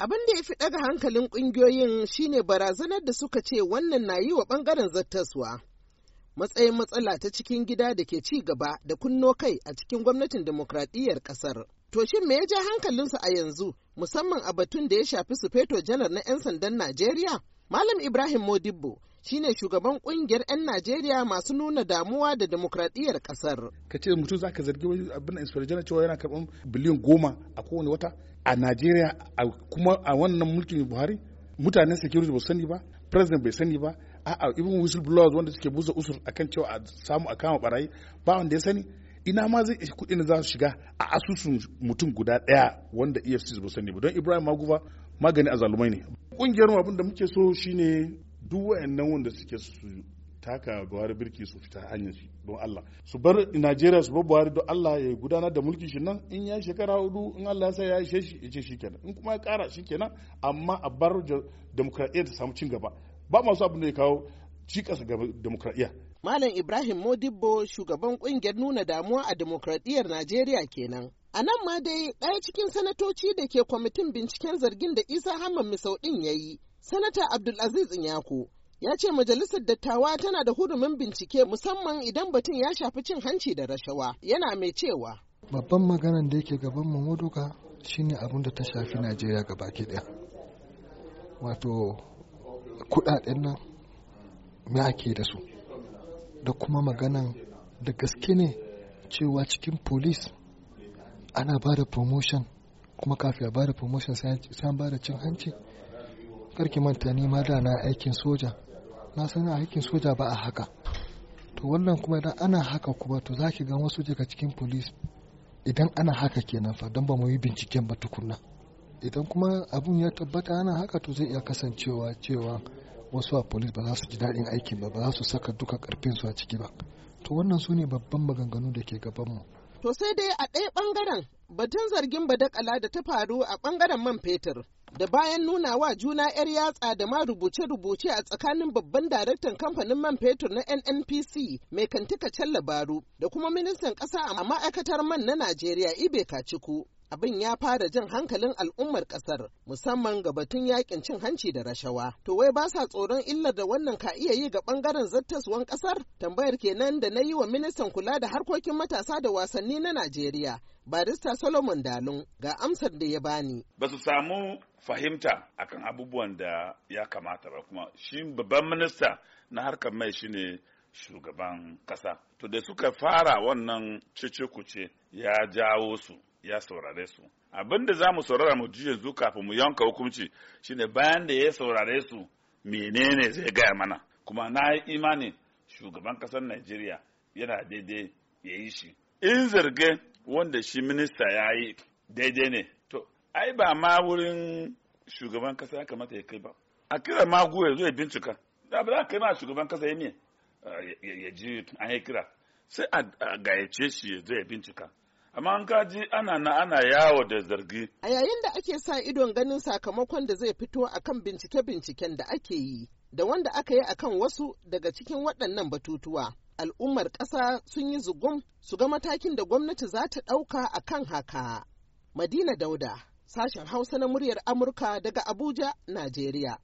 Abin da ya fi ɗaga hankalin ƙungiyoyin shine barazanar da suka ce wannan na yi wa bangaren zattaswa. Matsayin matsala ta cikin gida da ke ci gaba da kunno kai a cikin gwamnatin demokradiyyar ƙasar. To shin me ya ja hankalinsu a yanzu musamman a batun da ya shafi su feto janar na 'yan sandan Najeriya? Malam Ibrahim Modibbo shine shugaban kungiyar 'yan Najeriya masu nuna damuwa da demokradiyyar kasar. Ka ce mutum za ka zargi wani abin da inspector jana cewa yana karɓar biliyan goma a kowane wata a Najeriya kuma a wannan mulkin Buhari mutanen security ba sani ba president bai sani ba a a'a ibin whistleblowers wanda suke buza usur akan cewa a samu a kama barayi ba wanda ya sani ina ma zai ishi kuɗin za su shiga a asusun mutum guda ɗaya wanda efcc ba sani ba don ibrahim maguba magani a zalumai ne ƙungiyar abin da muke so shine duk wayannan wanda suke su taka buhari birki su fita hanyar shi don allah su bar najeriya su bar buhari don allah ya gudanar da mulki shi nan in ya shekara hudu in allah sai ya ishe shi ya ce shi kenan in kuma ya kara shi kenan amma a bar demokradiyya ta samu cin gaba ba masu abin da ya kawo cikas ga demokradiyya malam ibrahim modibbo shugaban kungiyar nuna damuwa a demokradiyyar najeriya kenan A nan ma dai ɗaya cikin sanatoci da ke kwamitin binciken zargin da Isa Hamman Misau ɗin ya yi, Sanata Abdulaziz Inyako ya ce majalisar dattawa tana da hurumin bincike musamman idan batun ya shafi cin hanci da rashawa yana mai cewa. Babban maganan da yake gaban mu duka shine abin da ta shafi Najeriya gaba baki ɗaya. Wato kuɗaɗen nan me ake da su da kuma maganan da gaske ne cewa cikin polis ana ba da promotion kuma kafin a ba da promotion sai an ba da cin hanci. karki manta ni ma da na aikin soja na san aikin soja ba a haka to wannan kuma idan ana haka kuma to za ki ga wasu daga cikin police idan ana haka kenan fa don ba mu yi binciken ba tukunna idan kuma abun ya tabbata ana haka to zai iya kasancewa cewa wasu a police ba za su ji daɗin aikin ba ba za su saka duka karfin su a ciki ba to wannan su ne babban maganganu da ke gaban mu to sai dai a ɗaya ɓangaren batun zargin badakala da ta faru a ɓangaren man fetur da bayan nuna wa juna 'yar yatsa da ma rubuce-rubuce a tsakanin babban daraktan kamfanin man fetur na nnpc mai kantika can labaru da kuma ministan ƙasa a ma'aikatar man na najeriya ibe kaciku abin ya fara jan hankalin al'ummar kasar musamman ga batun yakin cin hanci da rashawa. To wai ba sa tsoron illar da wannan ka iya yi ga bangaren zattaswan kasar? Tambayar kenan da na yi wa ministan kula da harkokin matasa da wasanni na Najeriya. Barista Solomon Dalun ga amsar da ya bani. Ba su samu fahimta akan abubuwan da ya kamata ba kuma shi babban minista na harkar mai shine shugaban kasa. To da suka fara wannan cece kuce ya jawo su ya saurare su abin da za mu saurara mu ji yanzu kafin mu yanka hukunci shine bayan da ya saurare su menene zai gaya mana kuma na yi imanin shugaban kasar najeriya yana daidai ya yi shi in zarge wanda shi minista ya yi daidai ne to ai ba ma wurin shugaban kasa ya kamata ya kai ba a kira ma ya zo ya bincika da ba za ka ma shugaban kasa ya ne ah, ya ji an kira sai a gayyace shi ya ya bincika amma an kaji ana na ana yawo da zargi. A yayin da ake sa idon ganin sakamakon da zai fito akan bincike-binciken da ake yi, da wanda aka yi akan wasu daga cikin waɗannan batutuwa. Al'ummar ƙasa sun yi zugum su ga matakin da gwamnati za ta ɗauka a kan haka. Madina Dauda, sashen Hausa na muryar Amurka daga Abuja, Najeriya.